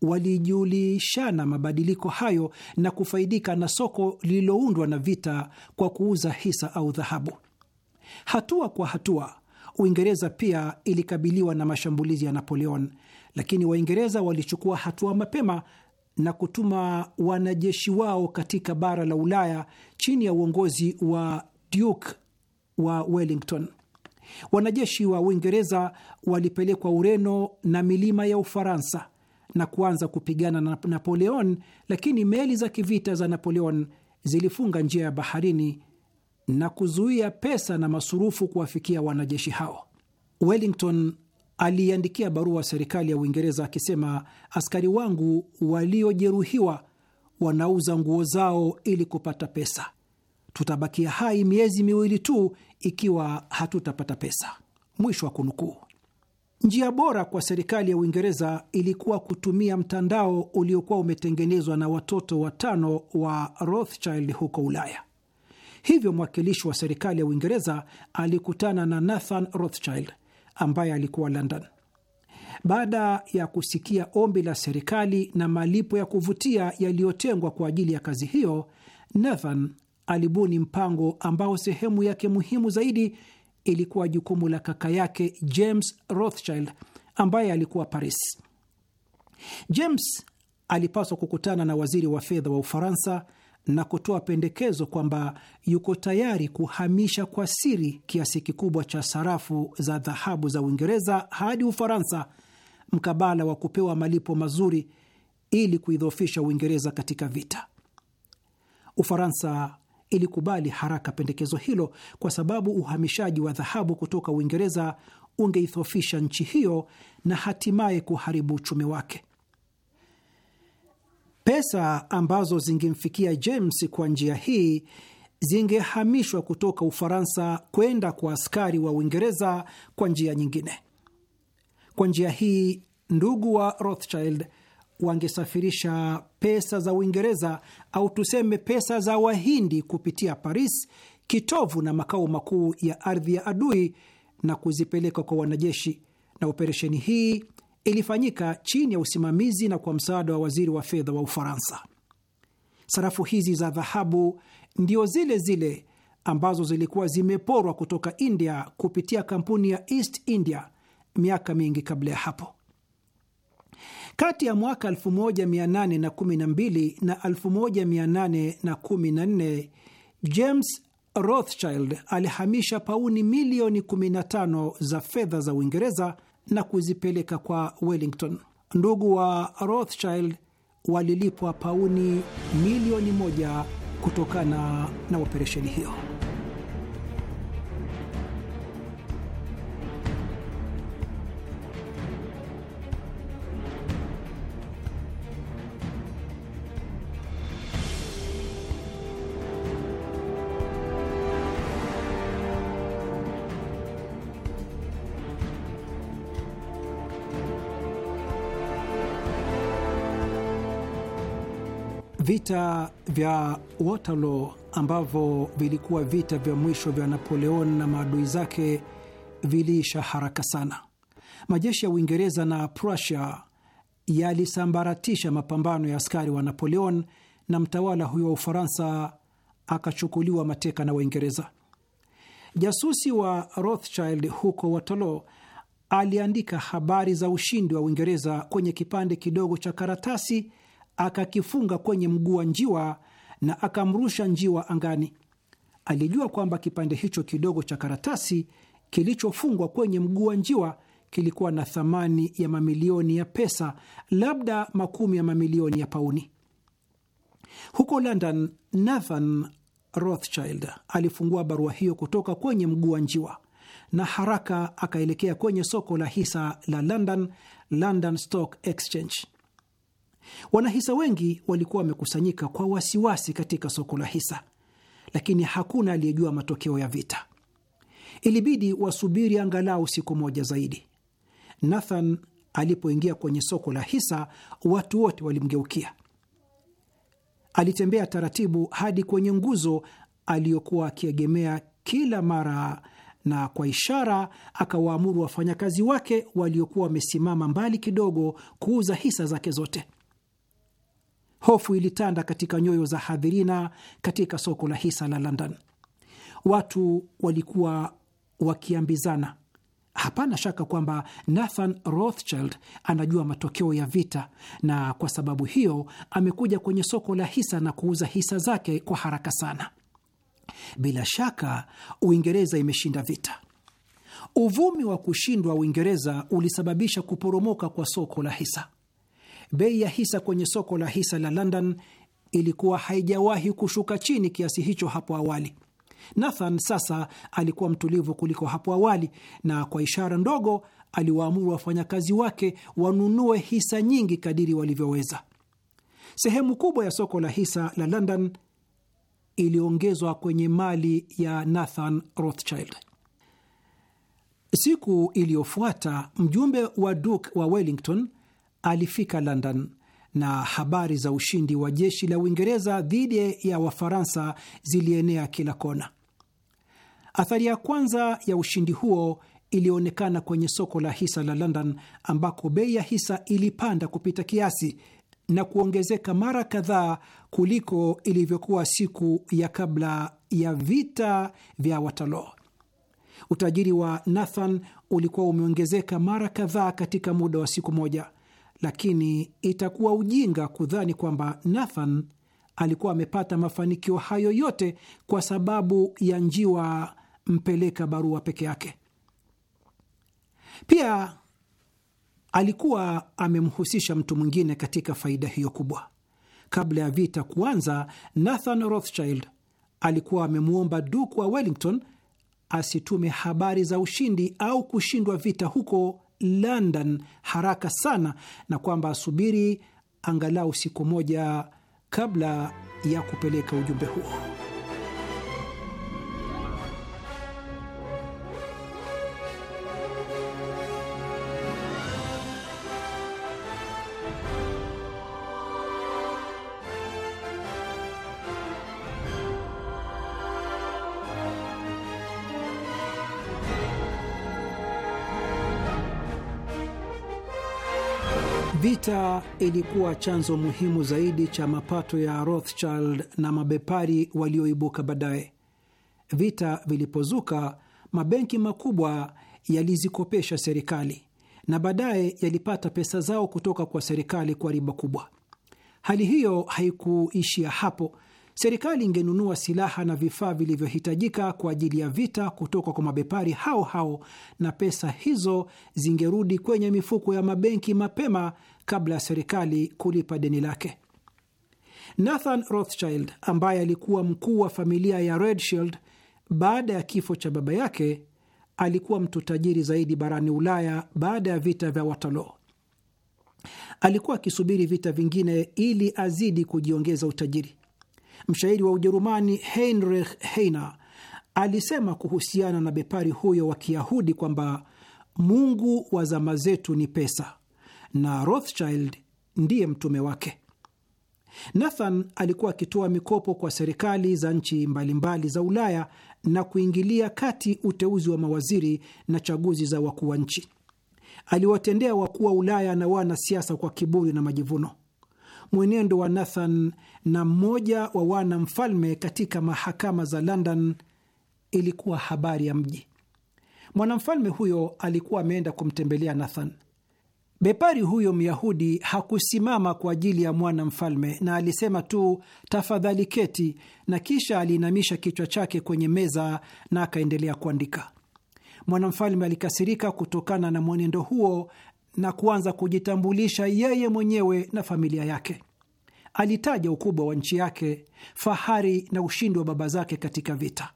walijulishana mabadiliko hayo na kufaidika na soko lililoundwa na vita kwa kuuza hisa au dhahabu. Hatua kwa hatua, Uingereza pia ilikabiliwa na mashambulizi ya Napoleon, lakini Waingereza walichukua hatua mapema na kutuma wanajeshi wao katika bara la Ulaya chini ya uongozi wa Duke wa Wellington. Wanajeshi wa Uingereza walipelekwa Ureno na milima ya Ufaransa na kuanza kupigana na Napoleon, lakini meli za kivita za Napoleon zilifunga njia ya baharini na kuzuia pesa na masurufu kuwafikia wanajeshi hao. Wellington aliiandikia barua serikali ya Uingereza akisema, askari wangu waliojeruhiwa wanauza nguo zao ili kupata pesa. Tutabakia hai miezi miwili tu ikiwa hatutapata pesa. Mwisho wa kunukuu. Njia bora kwa serikali ya Uingereza ilikuwa kutumia mtandao uliokuwa umetengenezwa na watoto watano wa Rothschild huko Ulaya. Hivyo mwakilishi wa serikali ya Uingereza alikutana na Nathan Rothschild ambaye alikuwa London. Baada ya kusikia ombi la serikali na malipo ya kuvutia yaliyotengwa kwa ajili ya kazi hiyo, Nathan alibuni mpango ambao sehemu yake muhimu zaidi ilikuwa jukumu la kaka yake James Rothschild ambaye alikuwa Paris. James alipaswa kukutana na waziri wa fedha wa Ufaransa na kutoa pendekezo kwamba yuko tayari kuhamisha kwa siri kiasi kikubwa cha sarafu za dhahabu za Uingereza hadi Ufaransa mkabala wa kupewa malipo mazuri ili kuidhofisha Uingereza katika vita. Ufaransa ilikubali haraka pendekezo hilo kwa sababu uhamishaji wa dhahabu kutoka Uingereza ungeithofisha nchi hiyo na hatimaye kuharibu uchumi wake. Pesa ambazo zingemfikia James kwa njia hii zingehamishwa kutoka Ufaransa kwenda kwa askari wa Uingereza kwa njia nyingine. Kwa njia hii, ndugu wa Rothschild wangesafirisha pesa za Uingereza au tuseme pesa za Wahindi kupitia Paris, kitovu na makao makuu ya ardhi ya adui, na kuzipeleka kwa wanajeshi, na operesheni hii ilifanyika chini ya usimamizi na kwa msaada wa waziri wa fedha wa Ufaransa. Sarafu hizi za dhahabu ndio zile zile ambazo zilikuwa zimeporwa kutoka India kupitia kampuni ya East India miaka mingi kabla ya hapo. Kati ya mwaka 1812 na 1814 James Rothschild alihamisha pauni milioni 15 za fedha za Uingereza na kuzipeleka kwa Wellington. Ndugu wa Rothschild walilipwa pauni milioni moja kutokana na operesheni hiyo. Vita vya Waterloo ambavyo vilikuwa vita vya mwisho vya Napoleon na maadui zake viliisha haraka sana. Majeshi ya Uingereza na Prussia yalisambaratisha mapambano ya askari wa Napoleon na mtawala huyo wa Ufaransa akachukuliwa mateka na Waingereza. Jasusi wa Rothschild huko Waterloo aliandika habari za ushindi wa Uingereza kwenye kipande kidogo cha karatasi akakifunga kwenye mguu wa njiwa na akamrusha njiwa angani. Alijua kwamba kipande hicho kidogo cha karatasi kilichofungwa kwenye mguu wa njiwa kilikuwa na thamani ya mamilioni ya pesa, labda makumi ya mamilioni ya pauni. Huko London, Nathan Rothschild alifungua barua hiyo kutoka kwenye mguu wa njiwa na haraka akaelekea kwenye soko la hisa la London, London Stock Exchange. Wanahisa wengi walikuwa wamekusanyika kwa wasiwasi katika soko la hisa, lakini hakuna aliyejua matokeo ya vita. Ilibidi wasubiri angalau siku moja zaidi. Nathan alipoingia kwenye soko la hisa, watu wote walimgeukia. Alitembea taratibu hadi kwenye nguzo aliyokuwa akiegemea kila mara, na kwa ishara akawaamuru wafanyakazi wake waliokuwa wamesimama mbali kidogo kuuza hisa zake zote. Hofu ilitanda katika nyoyo za hadhirina katika soko la hisa la London. Watu walikuwa wakiambizana, hapana shaka kwamba Nathan Rothschild anajua matokeo ya vita, na kwa sababu hiyo amekuja kwenye soko la hisa na kuuza hisa zake kwa haraka sana. Bila shaka Uingereza imeshinda vita. Uvumi wa kushindwa Uingereza ulisababisha kuporomoka kwa soko la hisa. Bei ya hisa kwenye soko la hisa la London ilikuwa haijawahi kushuka chini kiasi hicho hapo awali. Nathan sasa alikuwa mtulivu kuliko hapo awali, na kwa ishara ndogo aliwaamuru wafanyakazi wake wanunue hisa nyingi kadiri walivyoweza. Sehemu kubwa ya soko la hisa la London iliongezwa kwenye mali ya Nathan Rothschild. Siku iliyofuata mjumbe wa Duke wa Wellington alifika London na habari za ushindi wa jeshi la Uingereza dhidi ya Wafaransa zilienea kila kona. Athari ya kwanza ya ushindi huo ilionekana kwenye soko la hisa la London ambako bei ya hisa ilipanda kupita kiasi na kuongezeka mara kadhaa kuliko ilivyokuwa siku ya kabla ya vita vya Waterloo. Utajiri wa Nathan ulikuwa umeongezeka mara kadhaa katika muda wa siku moja lakini itakuwa ujinga kudhani kwamba Nathan alikuwa amepata mafanikio hayo yote kwa sababu ya njiwa mpeleka barua peke yake. Pia alikuwa amemhusisha mtu mwingine katika faida hiyo kubwa. Kabla ya vita kuanza, Nathan Rothschild alikuwa amemwomba duku wa Wellington asitume habari za ushindi au kushindwa vita huko London haraka sana na kwamba asubiri angalau siku moja kabla ya kupeleka ujumbe huo. Vita ilikuwa chanzo muhimu zaidi cha mapato ya Rothschild na mabepari walioibuka baadaye. Vita vilipozuka, mabenki makubwa yalizikopesha serikali na baadaye yalipata pesa zao kutoka kwa serikali kwa riba kubwa. Hali hiyo haikuishia hapo. Serikali ingenunua silaha na vifaa vilivyohitajika kwa ajili ya vita kutoka kwa mabepari hao hao, na pesa hizo zingerudi kwenye mifuko ya mabenki mapema kabla ya serikali kulipa deni lake. Nathan Rothschild ambaye alikuwa mkuu wa familia ya Rothschild baada ya kifo cha baba yake alikuwa mtu tajiri zaidi barani Ulaya baada ya vita vya Waterloo. Alikuwa akisubiri vita vingine ili azidi kujiongeza utajiri. Mshairi wa Ujerumani Heinrich Heine alisema kuhusiana na bepari huyo wa Kiyahudi kwamba Mungu wa zama zetu ni pesa, na Rothschild ndiye mtume wake. Nathan alikuwa akitoa mikopo kwa serikali za nchi mbalimbali za Ulaya na kuingilia kati uteuzi wa mawaziri na chaguzi za wakuu wa nchi. Aliwatendea wakuu wa Ulaya na wanasiasa kwa kiburi na majivuno. Mwenendo wa Nathan na mmoja wa wana mfalme katika mahakama za London ilikuwa habari ya mji. Mwanamfalme huyo alikuwa ameenda kumtembelea Nathan. Bepari huyo Myahudi hakusimama kwa ajili ya mwana mfalme, na alisema tu tafadhali keti, na kisha aliinamisha kichwa chake kwenye meza na akaendelea kuandika. Mwanamfalme alikasirika kutokana na mwenendo huo na kuanza kujitambulisha yeye mwenyewe na familia yake. Alitaja ukubwa wa nchi yake, fahari na ushindi wa baba zake katika vita,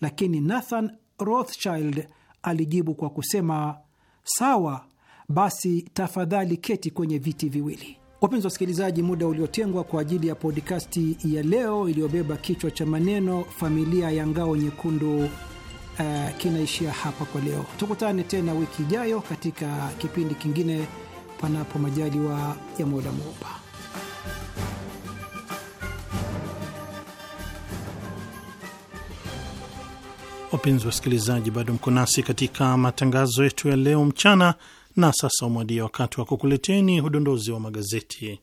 lakini Nathan Rothschild alijibu kwa kusema sawa basi tafadhali keti kwenye viti viwili. Wapenzi wasikilizaji, muda uliotengwa kwa ajili ya podkasti ya leo iliyobeba kichwa cha maneno familia ya ngao nyekundu uh, kinaishia hapa kwa leo. Tukutane tena wiki ijayo katika kipindi kingine, panapo majaliwa ya Mola Muumba. Wapenzi wasikilizaji, bado mko nasi katika matangazo yetu ya leo mchana na sasa umwadia wakati wa kukuleteni udondozi wa magazeti.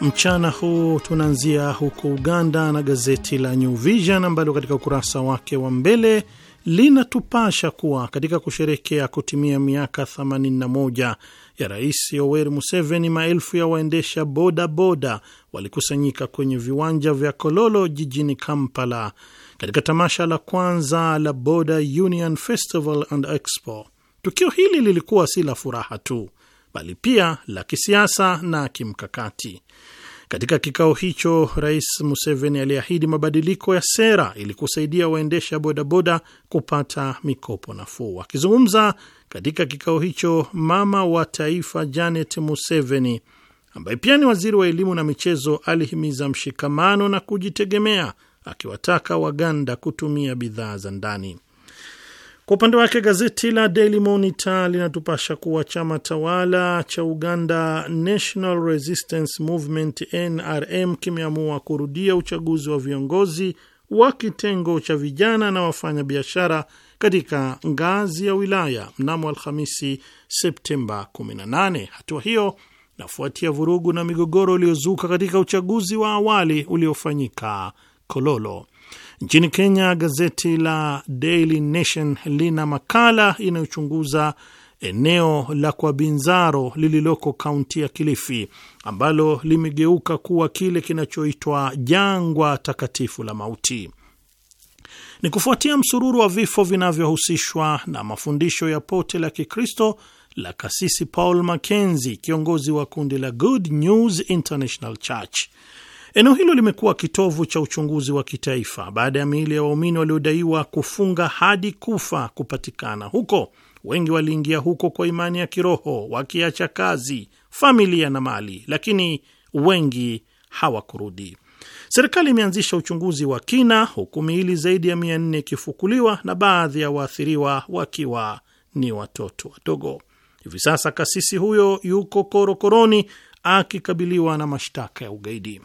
Mchana huu tunaanzia huko Uganda na gazeti la New Vision ambalo katika ukurasa wake wa mbele linatupasha kuwa katika kusherekea kutimia miaka 81 ya Rais Yoweri Museveni, maelfu ya waendesha boda boda walikusanyika kwenye viwanja vya Kololo jijini Kampala katika tamasha la kwanza la Boda Union Festival and Expo. Tukio hili lilikuwa si la furaha tu, bali pia la kisiasa na kimkakati. Katika kikao hicho, Rais Museveni aliahidi mabadiliko ya sera ili kusaidia waendesha bodaboda kupata mikopo nafuu. Akizungumza katika kikao hicho, mama wa taifa Janet Museveni, ambaye pia ni waziri wa elimu na michezo, alihimiza mshikamano na kujitegemea, akiwataka Waganda kutumia bidhaa za ndani. Kwa upande wake gazeti la Daily Monitor linatupasha kuwa chama tawala cha Uganda National Resistance Movement NRM kimeamua kurudia uchaguzi wa viongozi wa kitengo cha vijana na wafanyabiashara katika ngazi ya wilaya mnamo Alhamisi Septemba 18. Hatua hiyo inafuatia vurugu na migogoro iliyozuka katika uchaguzi wa awali uliofanyika Kololo. Nchini Kenya, gazeti la Daily Nation lina makala inayochunguza eneo la kwa Binzaro lililoko kaunti ya Kilifi ambalo limegeuka kuwa kile kinachoitwa jangwa takatifu la mauti. Ni kufuatia msururu wa vifo vinavyohusishwa na mafundisho ya pote la Kikristo la kasisi Paul Mackenzie, kiongozi wa kundi la Good News International Church. Eneo hilo limekuwa kitovu cha uchunguzi wa kitaifa baada ya miili ya waumini waliodaiwa kufunga hadi kufa kupatikana huko. Wengi waliingia huko kwa imani ya kiroho, wakiacha kazi, familia na mali, lakini wengi hawakurudi. Serikali imeanzisha uchunguzi wa kina, huku miili zaidi ya mia nne ikifukuliwa na baadhi ya waathiriwa wakiwa ni watoto wadogo. Hivi sasa kasisi huyo yuko korokoroni akikabiliwa na mashtaka ya ugaidi.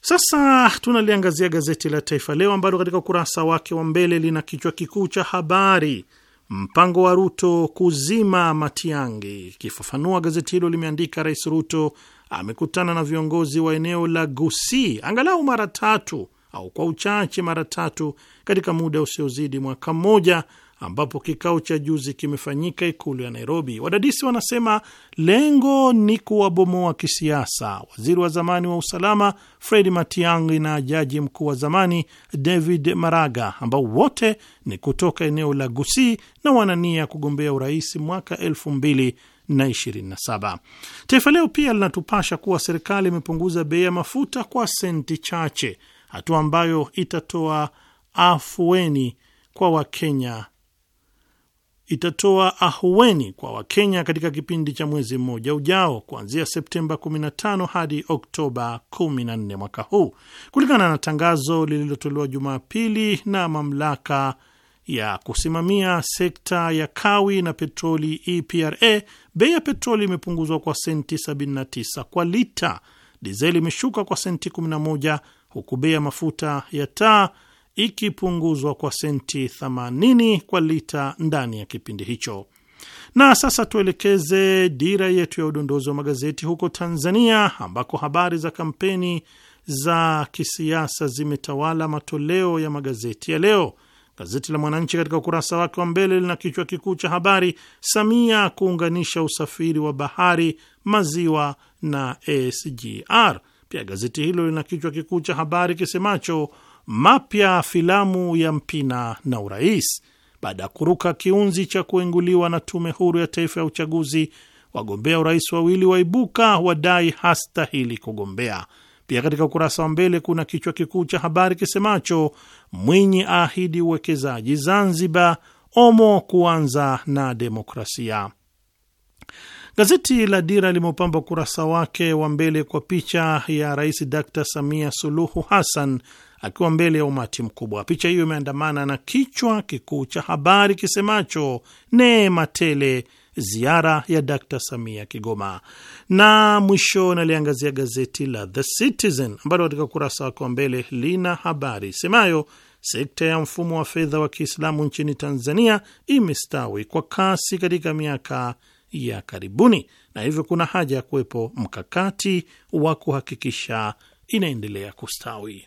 Sasa tunaliangazia gazeti la Taifa Leo ambalo katika ukurasa wake wa mbele lina kichwa kikuu cha habari, mpango wa Ruto kuzima Matiangi. Ikifafanua, gazeti hilo limeandika Rais Ruto amekutana na viongozi wa eneo la Gusii angalau mara tatu au kwa uchache mara tatu katika muda usiozidi mwaka mmoja, ambapo kikao cha juzi kimefanyika ikulu ya Nairobi. Wadadisi wanasema lengo ni kuwabomoa kisiasa waziri wa zamani wa usalama Fred Matiang'i na jaji mkuu wa zamani David Maraga, ambao wote ni kutoka eneo la Gusii na wanania kugombea urais mwaka elfu mbili na 27. Taifa Leo pia linatupasha kuwa serikali imepunguza bei ya mafuta kwa senti chache, hatua ambayo itatoa afueni kwa Wakenya itatoa ahueni kwa Wakenya katika kipindi cha mwezi mmoja ujao kuanzia Septemba 15 hadi Oktoba 14 mwaka huu, kulingana na tangazo lililotolewa Jumapili na mamlaka ya kusimamia sekta ya kawi na petroli EPRA, bei ya petroli imepunguzwa kwa senti 79 kwa lita, dizeli imeshuka kwa senti 11, huku bei ya mafuta ya taa ikipunguzwa kwa senti 80 kwa lita ndani ya kipindi hicho. Na sasa tuelekeze dira yetu ya udondozi wa magazeti huko Tanzania, ambako habari za kampeni za kisiasa zimetawala matoleo ya magazeti ya leo. Gazeti la Mwananchi katika ukurasa wake wa mbele lina kichwa kikuu cha habari, Samia kuunganisha usafiri wa bahari, maziwa na SGR. Pia gazeti hilo lina kichwa kikuu cha habari kisemacho mapya filamu ya Mpina na urais. Baada ya kuruka kiunzi cha kuenguliwa na Tume Huru ya Taifa ya Uchaguzi, wagombea urais wawili waibuka wadai hastahili kugombea. Pia katika ukurasa wa mbele kuna kichwa kikuu cha habari kisemacho Mwinyi aahidi uwekezaji Zanzibar, Omo kuanza na demokrasia. Gazeti la Dira limeupamba ukurasa wake wa mbele kwa picha ya Rais Dr Samia Suluhu Hassan akiwa mbele ya umati mkubwa. Picha hiyo imeandamana na kichwa kikuu cha habari kisemacho neema tele ziara ya Dkt Samia Kigoma. Na mwisho naliangazia gazeti la The Citizen ambalo katika ukurasa wake wa mbele lina habari semayo sekta ya mfumo wa fedha wa Kiislamu nchini Tanzania imestawi kwa kasi katika miaka ya karibuni, na hivyo kuna haja ya kuwepo mkakati wa kuhakikisha inaendelea kustawi.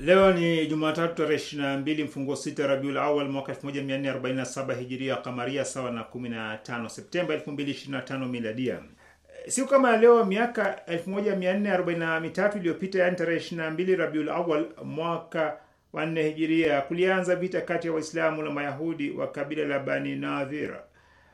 Leo ni Jumatatu tarehe 22 mfungo 6 Rabiul Awal mwaka 1447 hijiria kamaria, sawa na 15 Septemba 2025 miladia. Siku kama leo miaka 1443 iliyopita, yani tarehe 22 Rabiul Awal mwaka wa 4 hijiria, kulianza vita kati ya Waislamu na Mayahudi wa kabila la Bani Nadhir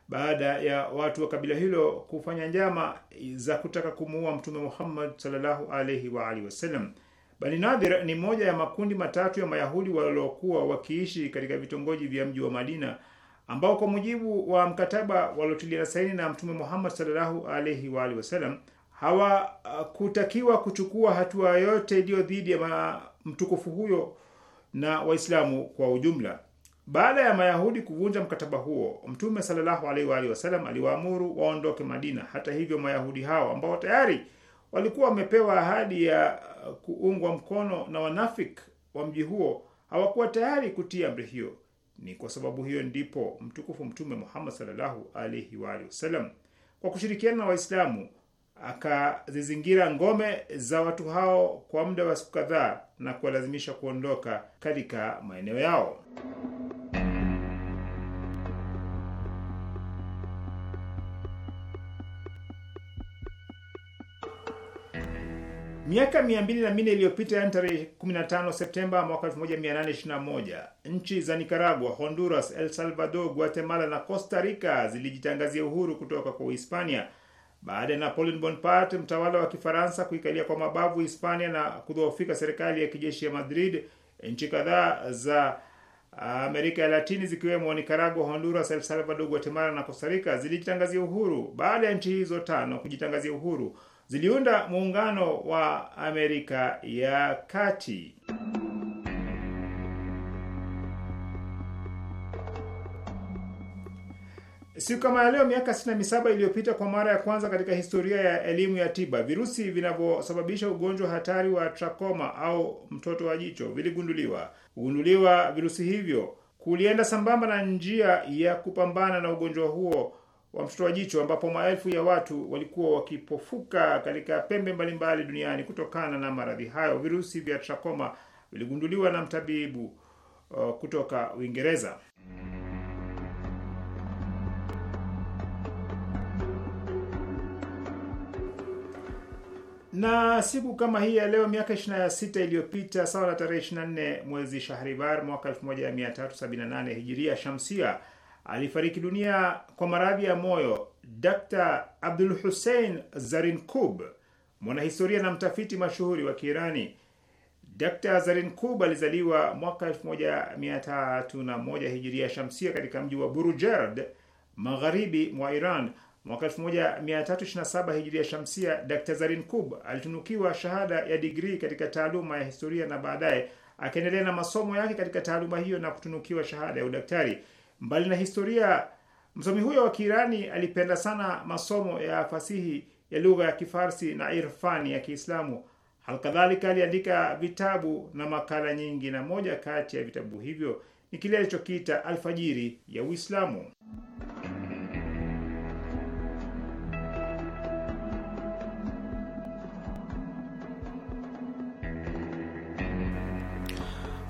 baada ya watu wa kabila hilo kufanya njama za kutaka kumuua Mtume Muhammad sallallahu alaihi wa alihi wasallam. Bani Nadhir ni moja ya makundi matatu ya Mayahudi waliokuwa wakiishi katika vitongoji vya mji wa Madina ambao kwa mujibu wa mkataba waliotilia saini na Mtume Muhammad sallallahu alaihi wa alihi wasallam hawakutakiwa kuchukua hatua yoyote iliyo dhidi ya mtukufu huyo na Waislamu kwa ujumla. Baada ya Mayahudi kuvunja mkataba huo, Mtume sallallahu alaihi wa alihi wasallam aliwaamuru waondoke Madina. Hata hivyo, Mayahudi hao ambao tayari walikuwa wamepewa ahadi ya uh, kuungwa mkono na wanafik wa mji huo hawakuwa tayari kutii amri hiyo. Ni kwa sababu hiyo ndipo mtukufu Mtume Muhammad sallallahu alaihi wa alihi wasallam kwa kushirikiana na Waislamu akazizingira ngome za watu hao kwa muda wa siku kadhaa na kuwalazimisha kuondoka katika maeneo yao. Miaka 204 iliyopita, yaani tarehe 15 Septemba mwaka 1821, nchi za Nicaragua, Honduras, el Salvador, Guatemala na Costa Rica zilijitangazia uhuru kutoka kwa Uhispania baada ya Napoleon Bonaparte, mtawala wa Kifaransa, kuikalia kwa mabavu Hispania na kudhoofika serikali ya kijeshi ya Madrid. Nchi kadhaa za Amerika ya Latini zikiwemo Nicaragua, Honduras, el Salvador, Guatemala na Costa Rica zilijitangazia uhuru. Baada ya nchi hizo tano kujitangazia uhuru ziliunda muungano wa Amerika ya Kati. Siku kama ya leo miaka 67 iliyopita, kwa mara ya kwanza katika historia ya elimu ya tiba, virusi vinavyosababisha ugonjwa hatari wa trakoma au mtoto wa jicho viligunduliwa. Kugunduliwa virusi hivyo kulienda sambamba na njia ya kupambana na ugonjwa huo wa mtoto wa jicho ambapo maelfu ya watu walikuwa wakipofuka katika pembe mbalimbali mbali duniani kutokana na maradhi hayo. Virusi vya trakoma viligunduliwa na mtabibu uh, kutoka Uingereza. Na siku kama hii ya leo miaka 26 iliyopita, sawa na tarehe 24 mwezi Shahrivar mwaka 1378 hijiria shamsia alifariki dunia kwa maradhi ya moyo. Dr Abdul Hussein Zarinkub, mwanahistoria na mtafiti mashuhuri wa Kiirani. Dr Zarinkub alizaliwa mwaka 1301 hijiria shamsia katika mji wa Burujerd, magharibi mwa Iran. Mwaka 1327 hijiria shamsia, Dr Zarinkub alitunukiwa shahada ya digrii katika taaluma ya historia na baadaye akaendelea na masomo yake katika taaluma hiyo na kutunukiwa shahada ya udaktari. Mbali na historia, msomi huyo wa Kiirani alipenda sana masomo ya fasihi ya lugha ya Kifarsi na irfani ya Kiislamu. Halikadhalika aliandika vitabu na makala nyingi, na moja kati ya vitabu hivyo ni kile alichokiita Alfajiri ya Uislamu.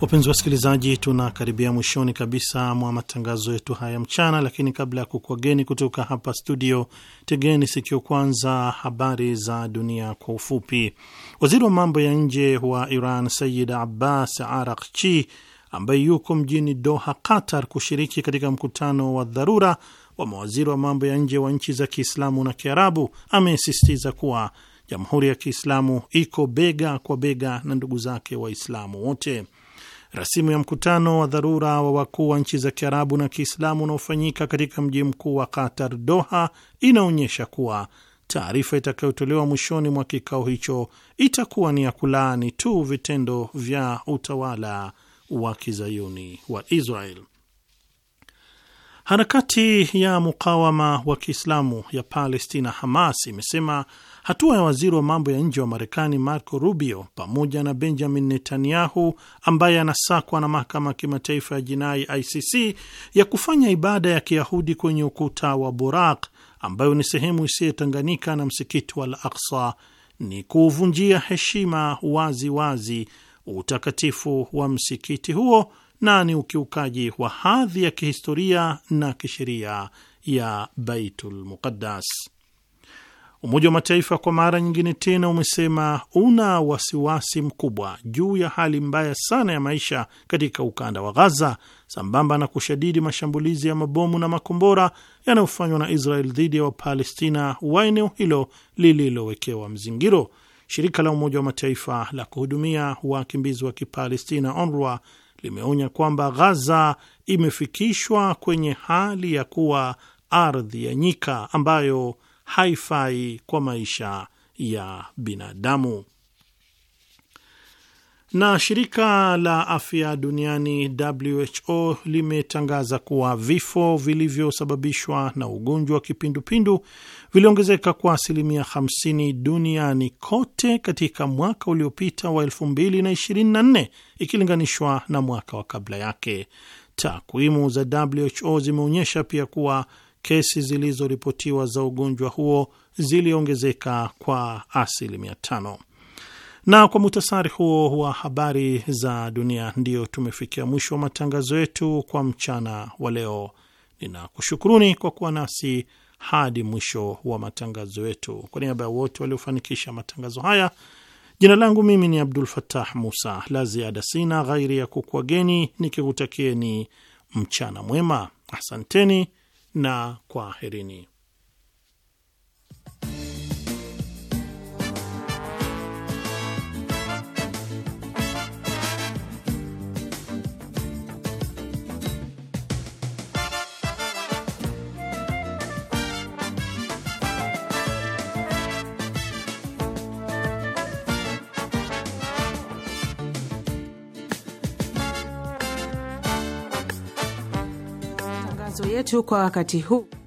Wapenzi wasikilizaji, tunakaribia mwishoni kabisa mwa matangazo yetu haya mchana, lakini kabla ya kukwageni kutoka hapa studio, tegeni sikio kwanza habari za dunia kwa ufupi. Waziri wa mambo ya nje wa Iran Sayid Abbas Arakchi, ambaye yuko mjini Doha, Qatar, kushiriki katika mkutano wa dharura wa mawaziri wa mambo ya nje wa nchi za Kiislamu na Kiarabu, amesisitiza kuwa Jamhuri ya Kiislamu iko bega kwa bega na ndugu zake Waislamu wote. Rasimu ya mkutano wa dharura wa wakuu wa nchi za Kiarabu na Kiislamu unaofanyika katika mji mkuu wa Qatar, Doha, inaonyesha kuwa taarifa itakayotolewa mwishoni mwa kikao hicho itakuwa ni ya kulaani tu vitendo vya utawala wa kizayuni wa Israel. Harakati ya mukawama wa Kiislamu ya Palestina, Hamas, imesema Hatua ya waziri wa mambo ya nje wa Marekani Marco Rubio pamoja na Benjamin Netanyahu ambaye anasakwa na mahakama ya kimataifa ya jinai ICC ya kufanya ibada ya Kiyahudi kwenye ukuta wa Burak ambayo ni sehemu isiyotanganika na msikiti wa al ni kuuvunjia heshima wazi wazi utakatifu wa msikiti huo na ni ukiukaji wa hadhi ya kihistoria na kisheria ya Baitul Muqaddas. Umoja wa Mataifa kwa mara nyingine tena umesema una wasiwasi mkubwa juu ya hali mbaya sana ya maisha katika ukanda wa Ghaza, sambamba na kushadidi mashambulizi ya mabomu na makombora yanayofanywa na Israel dhidi ya Wapalestina wa eneo hilo lililowekewa mzingiro. Shirika la Umoja wa Mataifa la kuhudumia wakimbizi wa Kipalestina, UNRWA, limeonya kwamba Ghaza imefikishwa kwenye hali ya kuwa ardhi ya nyika ambayo haifai kwa maisha ya binadamu. Na shirika la afya duniani WHO limetangaza kuwa vifo vilivyosababishwa na ugonjwa wa kipindupindu viliongezeka kwa asilimia 50 duniani kote katika mwaka uliopita wa 2024 ikilinganishwa na mwaka wa kabla yake. Takwimu za WHO zimeonyesha pia kuwa kesi zilizoripotiwa za ugonjwa huo ziliongezeka kwa asilimia tano. Na kwa muhtasari huo wa habari za dunia, ndiyo tumefikia mwisho wa matangazo yetu kwa mchana wa leo. Ninakushukuruni kwa kuwa nasi hadi mwisho wa matangazo yetu. Kwa niaba ya wote waliofanikisha matangazo haya, jina langu mimi ni Abdul fatah Musa. La ziada sina, ghairi ya kukuageni nikikutakieni mchana mwema. Asanteni na kwaherini. yetu kwa wakati huu.